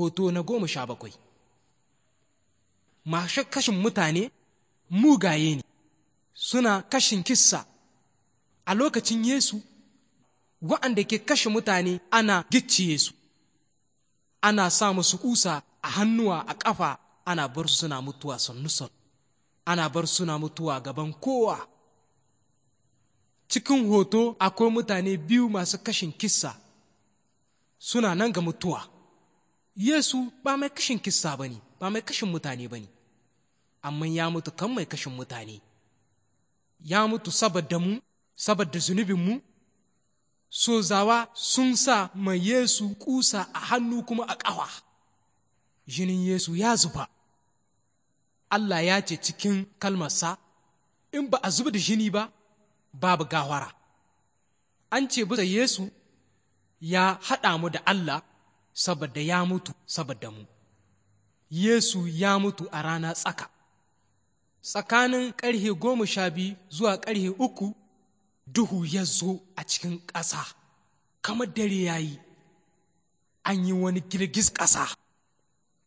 hoto na goma sha bakwai masu kashin mutane mugaye ne suna kashin kissa a lokacin yesu wa'anda ke kashe mutane ana gicciye su ana sa musu kusa a hannuwa a ƙafa ana bar suna mutuwa sannu ana bar suna mutuwa gaban kowa cikin hoto akwai mutane biyu masu kashin kissa suna nan ga mutuwa Yesu ba mai kashin kissa ba ne, ba mai kashin mutane ba ne, amma ya mutu kan mai kashin mutane, ya mutu saboda mu, saboda zunubinmu, zawa sun sa mai Yesu kusa a hannu kuma a ƙawa, jinin Yesu ya zuba. Allah ya ce cikin kalmarsa, in ba a zuba da jini ba, babu gawara. An ce bisa Yesu ya haɗa mu da Allah saboda ya mutu saboda mu yesu ya mutu a rana tsaka tsakanin ƙarhe goma sha biyu zuwa ƙarhe uku duhu ya zo a cikin ƙasa kamar dare ya yi an yi wani girgiz ƙasa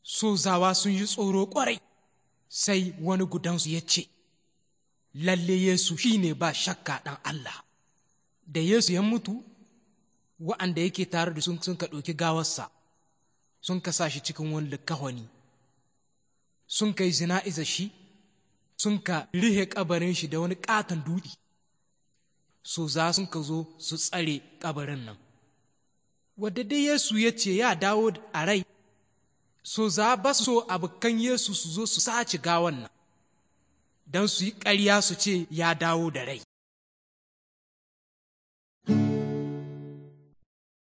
sozawa sun yi tsoro ƙwarai sai wani gudansu ya ce lalle yesu shi ne ba shakka ɗan allah da yesu ya mutu waɗanda yake tare da sun ka ɗauki gawarsa sun ka sa shi cikin wani likahoni sun ka yi zina iza shi sun ka rihe kabarin shi da wani ƙaton duɗi so za sun ka zo su tsare kabarin nan wadda dai yesu ya ce ya dawo a rai so za ba so abokan yesu su zo su sace gawan nan don su yi ƙarya su ce ya dawo da rai